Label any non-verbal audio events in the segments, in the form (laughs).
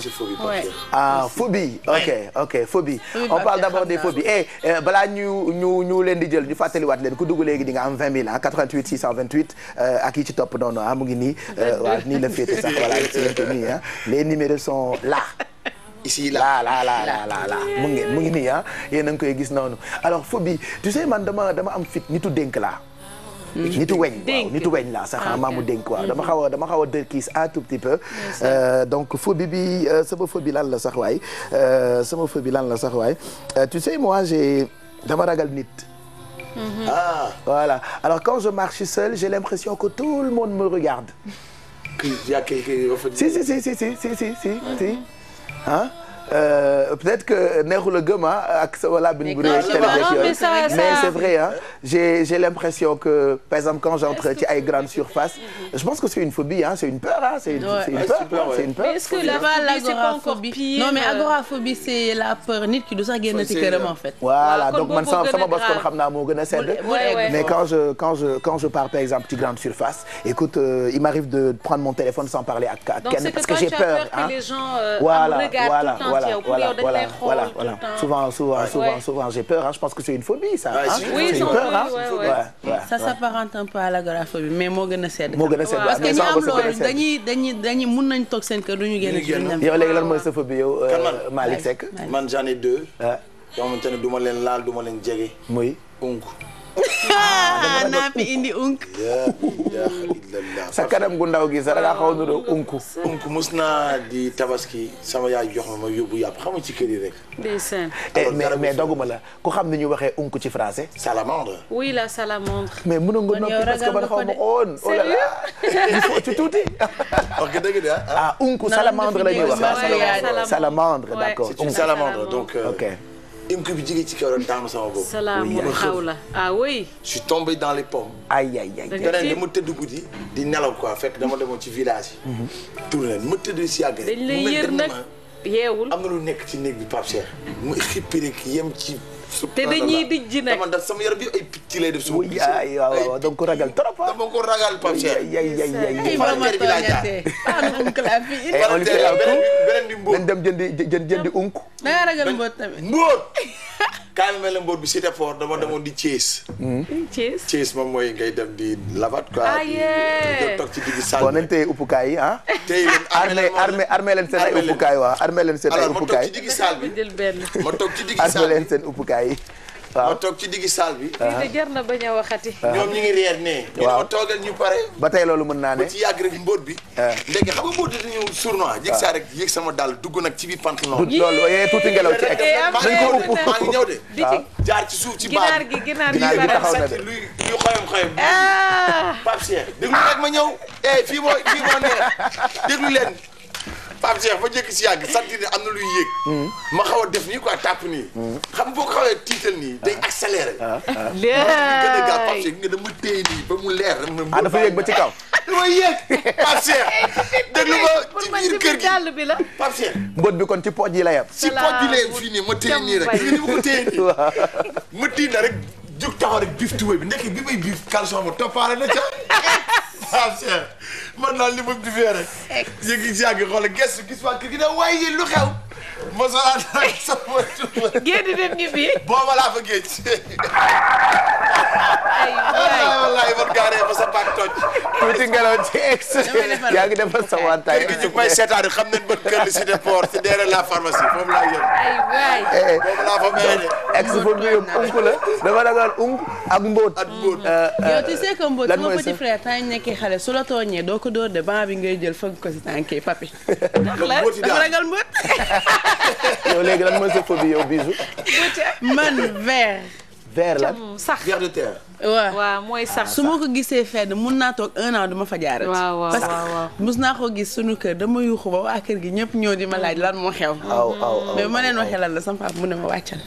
j'ai phobie par ouais. ah phobie ok ok phobie. Oui, on parle d'abord des phobies eh, eh ñu ñu ñu leen di jël ñu fàttaliwaat leen ku dugg léegi di nga am 20 000 ah 88 628 euh, ak yi ci topp noonu ah mu ngi nii. Euh, waaw nii la féete sax voilà la leen la nii ah les numéros sont là. ici là là là là là là mu ngi mu ngi nii ah a ngi koy gis noonu alors phobie tu sais man dama dama am fit nitu dénk laa. Mm. nitu weñ ah, waaw nitu la sax maa mu dénk dama mm-hmm. xaw a dama xaw a dërkiis un tout petit peu euh, donc phobie bi sama lan la sax waay sama phobie lan la sax euh, euh, dama ragal nit mm-hmm. ah voilà alors quand je marche seul j'ai l'impression que tout le monde me regarde si si si si si si mm-hmm. Euh, peut-être que neexul a gëm ah, ak sa wala bin bu réer mais c'est vrai j'ai l'impression que par exemple quand j'entre ci ay grandes surfaces mhm. je pense que c'est une phobie c'est une peur c'est une peur c'est que là-bas c'est la peur nit du sax génn ci këram en fait voilà donc man sama bopp kon xam naa moo gën a sedd mais quand je quand je par exemple ci grande surface écoute euh, il m'arrive de prendre mon téléphone sans parler à kenn parce que j'ai peur hein euh, voilà voilà voilà, ci yow pour yow dañ lay xool voilà voilà souvent souvent peur ah je pense que c'est une phobie ça. oui c'est une peur ah oui ça s'apparente peu à l'agoraphobie mais moo gën a sedd. moo gën a sedd parce ah, que ñi am loolu dañuy dañuy dañuy mun nañ toog du ñu génn. génn yow léegi lan mooy sa phobie yow. Euh, Malick Seck man j'en ai deux. yoo xamante ne du ma leen laal du ma leen muy unku. Ah, naa fi indi unk sa kanam gu ndaw gi sax da ngaa xaw a nuroo ah, unk unk di tabaski sama yaay jox ma ma yóbbu yàpp xam nga ci kër yi rek. ndeysaan. Eh, mais mais doguma la xam ni ñu waxee unk ci français. salamandre. oui la salamandre. mais mënoon nga noppi parce que man xaw ma oon. oh là wax nga (laughs) dëgg de ah. ah unk salamandre la ñuy wax. salamandre d' accord salamandre donc. Euh, émission bi jigéen ci kaw rek daanu sama bopp. salaamu xaw la ah, dans les pommes. aïe aïe aïe. beneen dama tëdd guddi di nelaw ko fekk dama demoon ci village yi. Mhm. tourné ma tëdd si yàgg. dañ yeewul am nekk ci néeg bi Pape Cheikh. mu xippi yem ci. te dañuy dijji nag dama sama yaram bi ay picc lay def. suuf ay waaw donc ko ragal trop ah. dama ko ragal Pape Cheikh. ay palanteer bi laa jaar ay palanteer eh, bi beneen bi beneen bi mbóot. nañ dem jëndi jëndi unk. da nga ragal mbóot tamit mbóot. kaay mel mboot bi si fort dama demoon di Thiès. Hmm. Hmm, Thiès Thiès moom mooy ngay dem di lavat quoi. ayee ah, di toog ci digg sànni. bon nañu tey uppukaay yi ah. tey leen armé armé armé seen ay uppukaay waa armé leen seen ay uppukaay. alors ci digg leen seen uppukaay yi. waaw toog ci diggi saal bi. lii ah. de jar na bañ a waxati. Ah. ñoom ñu ngi reer ne waaw ñu ne ñu pare. ba tey loolu mën naa ne. ba ci yàgg rek mbóot bi. Ah. ndeke xam nga mbóot dañuy ñëw sournois. waaw saa rek yéeg sama dàll dugg nag ci biir pantalon. yii loolu yee tuuti ngelaw ci egg. Eh, nañ ko upp maa ngi ñëw de. jaar ci suuf ci baax ginaar gi ginaar gi taxaw na de luy luy xoyom xoyom. Pape Cheikh déglu rek ma ñëw. eh fii boo fii boo nee déglu Pape Cheikh ba njëkk si yàgg sa ne am na luy yéeg. Hmm. ma xaw a def nii quoi tàpp nii. Hmm. xam boo ko xawee tiital nii day ah. accéléré. léegi ah, ah. gën a gaaw Pape Cheikh nga mu leer. ah dafa yéeg ba ci kaw. (laughs) dama yéeg Pape Cheikh. (laughs) déglu ma ci biir kër gi dàll bi la. Pape Cheikh. mbot bi kon ci pooj yi la yem. si pooj yi la yem fii nii ma téye nii rek ni (laughs) ma ko téye nii. ma téye rek jóg taxaw rek biif tubaab bi nekk bi may biif caleçon ma toppaale na ca. ah Cheikh man daal li ma dufee rek. yëngu si yàgg xool gëstu gis waa kër gi ne waaye lu xew. ma soxlaa dara sama tuuma. génn dem ñibbi. booba laa fa géej. (laughs) Ah, wallaay man ngelaw ci ex. yaa ngi defal sa wantaay. kër gi ñu may seetaan xam nañ ban kër li cité port ci derrière la pharmacie foofu laa yor. aywaay eh, eh. foofu laa fa meene. la dafa ragal unk ak mbóot. Eh, yow tu sais que mbóot sama petit frère temps yi nekkee xale la tooñee doo ko dóor de ban bi ngay jël fëgg ko si tànk papi. (laughs) ndax la dafa (laughs) yow léegi lan mooy yow bisu. man vert. vers la sax vers mooy sax ah, su ma ko gisee fenn mun naa toog un an duma fa jaarat parce que mus naa ko gis suñu kër dama yuuxu ba waa kër gi ñëpp ñëw di ma laaj lan moo xew. mais ma leen waxee lan la sama papa mu ne ma wàccal.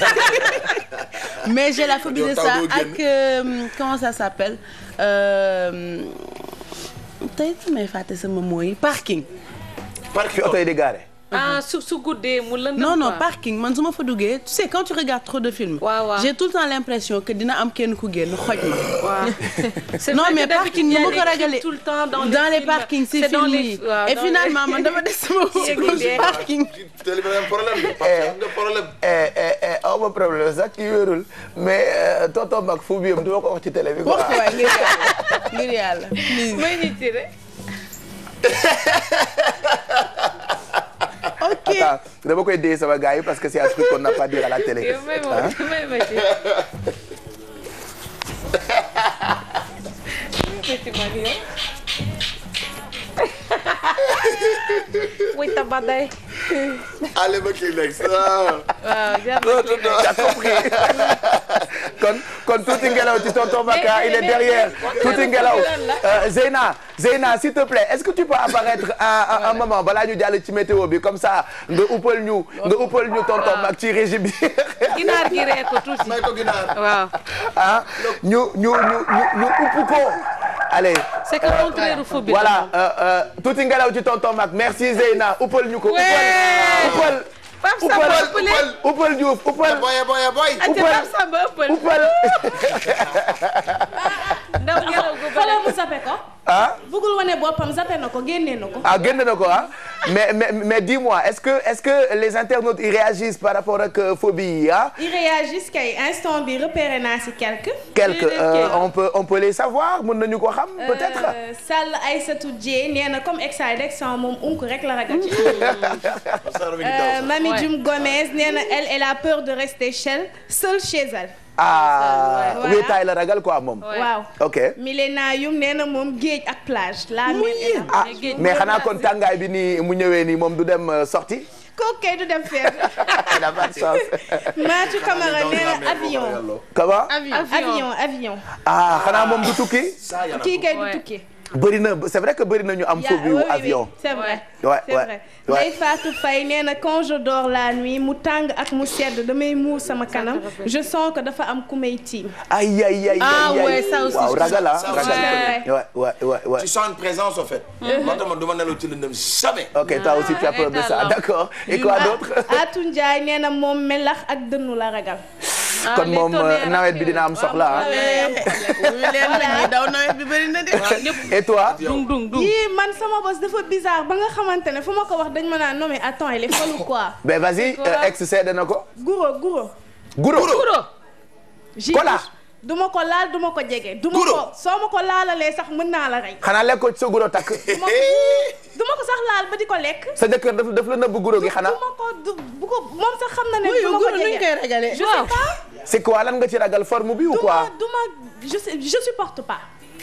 (laughs) (laughs) mais j'ai la phobie de ça ak comment ça s'appelle euh, tey damay fàtte sama mooy parking. parking oto yi di garé. ah su su guddee mu lëndëm non non parking man su ma fa duggee tu sais quand tu regardes trop de films. j'ai tout le temps l'impression que dina am kenn ku génn xoj ma. (laughs) non mais parking nu ma ko ragalee tout le temps dans les dans les parkings si film yi et finalement man dama des sama (laughs) parking. problème eh, nga problème. Eh, eh, aw ma problème sax kii wérul mais tonton Mag fu mu yëm du ma ko wax ci télé bi. wax waay ngir yàlla ngir yàlla. may nit yi rek. (laughs) ka dama koy dee sama gars yi parce que c'est un truc qu'on n'a pas à dire à la télé. wuy (laughs) (laughs) tabaday. allez ah. ma kii nekk ça. waaw jàpp kon kon tuuti ngelaw ci tonton Baka il est derrière tuuti ngelaw euh, Zeyna Zeyna s'il te plaît est-ce que tu peux apparaître à un moment balaa ñu jàll ci météo bi comme ça nga uppal ñu nga uppal ñu tonton Baka ci régie bi. ginaar gi ree ko tuuti may ko ginaar waaw ah, euh, voilà euh, tuuti ngelaw ci tonton Baka merci Zeyna uppal ñu ko uppal uppal Pape Samba ëppale uppal Diouf uppal. boye boye boy. uppal Pape Samba (laughs) ëppal. uppal. ndaw ngelaw gu bëri xale bu sape ko. ah. bëggul wane boppam zappé na ko génne na ko. ah na ko ah mais mais mais dis-moi est-ce que est-ce que les internautes ils réagissent par rapport ak euh, phobie yi ah. ils réagissent kay instant bi naa si quelques. quelques euh, on peut on peut les savoir mën nañu ko xam. Euh, peut-être Sall Aïssatou Dieng nee na comme exay dex sans ah, moom unk rek la ragal ci. (laughs) Mami Dioum Gomez nee na elle elle a peur de rester seule seule chez elle. ah wéetaay la ragal ko moom. waaw ok. Milena na moom géej ak plage. la mer ah, mais xanaa kon tàngaay bi nii mu ñëwee nii moom du dem euh, sorti kooku kay du dem fenn. (laughs) (laughs) Matou Camara nee na avion. comment avion avion ah xanaa moom du tukki. kii kay du tukki. bëri na c'est vrai que bëri na ñu am phobie wu avion c'est vrai c'est vrai Ndeye Fatou nee na quand je dors la nuit mu tàng ak mu sedd damay muur sama kanam je sens que dafa am ku may tiim aïe aïe aïe aïe ah, waaw ragala ragala wa wa wa tu sens une présence en fait uh-huh. moo tax man du ma nelaw ci lëndëm jamais ok toi aussi tu as ah, peur de ça d'accord et quoi ah, d'autre Atou Ndiaye nee na moom melax ak dënnu la ragal Ah, kon moom euh, nawet bi dina am soxla ah. (laughs) et toi. dung dung dung yii man sama boss dafa bizarre ba nga xamante ne fu ma ko wax dañ ma naan non mais attends il est folle quoi. mais (laughs) vas-y euh, ex seede na ko. guro guro. guro guro. kola. duma ko laal duma ko jege. duma ko soo ma ko laalalee sax mën naa la rey. xanaa lekkoo ci sa guro takk. (laughs) du ma ko sax laal ba di ko lekk. sa jëkkër daf daf la nëbb guro gi xanaa. du ma ko du bu ko moom sax xam na ne. du ma ko jege nuñ koy ragalee. je sais pas. c'est quoi lan nga ci ragal forme bi ou quoi. du ma je je supporte pas.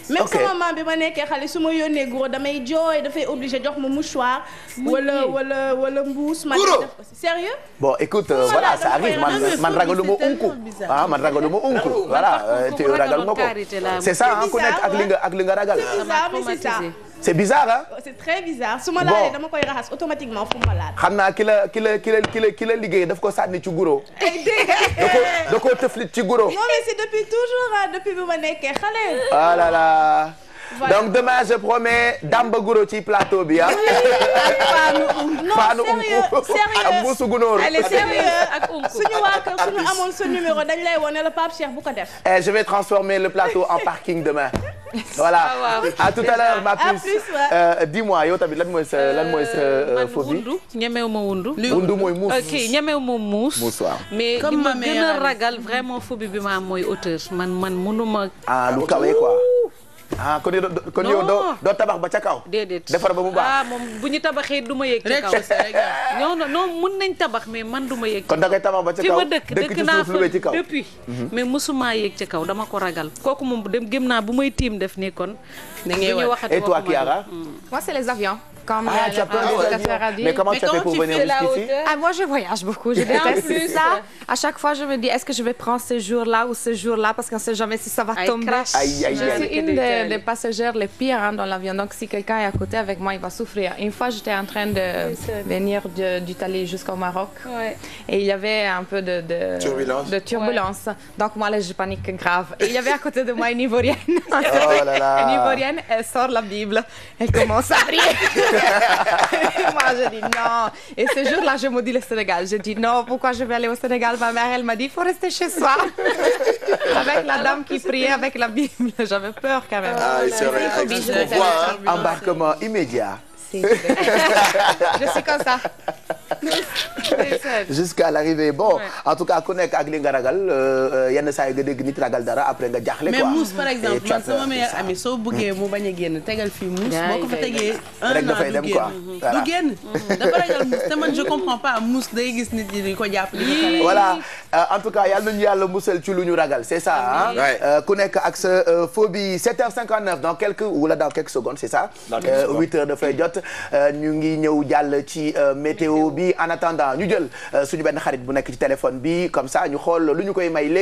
même sama maam bi ma nekkee xale su ma yónnee guro damay jooy dafay obligé jox ma mouchoir. wala wala wala mbuus. ma def ko sérieux bon écoute euh, voilà ça arrive man man ragalu ma unku ah man ragalu ma unku voilà euh, te ragal nga ko c'est ça ku nekk ak li nga ak li nga ragal. c'est ça c'est bizarre ah. c'est très bizarre su ma laalee dama koy raxas automatiquement fu ma laal. xam naa ki la ki la ki la ki la liggéey daf ko sànni ci guro. Eh, dégg nga da ci guro. depuis bi ma nekkee xale. ah là là. Voilà. donc demain je promets Damba Guro ci plateau bi ah. Paanu Gunóor. allez sérieux ak Unku suñu waa kër suñu amoon numéro dañ la wone le Pape Cheikh bu ko def. Eh, je vais transformer le plateau en parking demain. (laughs) voilà ah, à tout à l'heure ma puce euh, dis-moi yow tamit lan mooy sa euh, lan mooy sa phobie ñemew ma wundu mooy muus ok ñemew ma muus muus waaw mais li ma gën a ragal vraiment phobie bi ma am mooy hauteur man man mënuma ah lu kawe quoi ah kon yow kon yow doo doo tabax ba ca kaw. déedéet defar ba mu baax ah moom bu ñu tabaxee duma ma yëg. ca kaw non non mën nañ tabax mais man du yéeg yëg. kon tabax ba ca kaw dëkk ci suuf lu ci kaw fi ma dëkk dëkk naa fa depuis. Mhm. mais mosuma yëg ca kaw dama ko ragal. kooku moom dem gëm naa bu may tiim def nii kon. da ngay wax et toi Kiara. Mm. moi c'est les avions. Comme ah, tu as peur de Mais comment Mais tu as fait pour venir jusqu'ici ah, Moi, je voyage beaucoup. Je déteste ça. À chaque fois, je me dis, est-ce que je vais prendre ce jour-là ou ce jour-là parce qu'on ne sait jamais si ça va tomber. Aïe, aïe, je suis une des, des passagères les pires hein, dans l'avion. Donc, si quelqu'un est à côté avec moi, il va souffrir. Une fois, j'étais en train de oui, venir d'Italie jusqu'au Maroc. Ouais. Et il y avait un peu de, de turbulence. De turbulence. Ouais. Donc, moi, là, je panique grave. Et il y avait à côté de moi une Ivorienne. Oh là là. (laughs) Une Ivorienne, elle sort la Bible. Elle commence à prier. (laughs) Et (laughs) moi, je dis non. Et ce jour-là, je maudis le Sénégal. Je dis non, pourquoi je vais aller au Sénégal Ma mère, elle m'a dit, il faut rester chez soi. (laughs) avec la dame qui priait avec la Bible. (laughs) J'avais peur quand même. Ah, c'est vrai. On voit un embarquement immédiat. je suis comme ça. (laughs) jusqu'à l'arrivée bon en tout cas ku nekk ak li nga ragal euh, euh, yenn saa yi nga dégg nit ragal dara après nga jaaxle quoi. mais mousse par exemple man sama euh, meilleur ami soo bëggee mu bañ a génn tegal fii mousse boo ko fa tegee un an du génn du génn (laughs) dafa ragal mousse te man je comprends pas mousse day gis nit yi di ko jàpp di ko Euh, en tout cas yal nañu yàlla musal ci lu ñu ragal c'est ça ah. ku nekk ak sa euh, phobie 7h59 dans quelques wala dans quelques secondes c'est ça. dans de secondes jot ñu ngi ñëw jàll ci météo bi anatendant ñu jël suñu benn xarit bu nekk ci téléphone bi comme ça ñu xool lu ñu koy may léegi.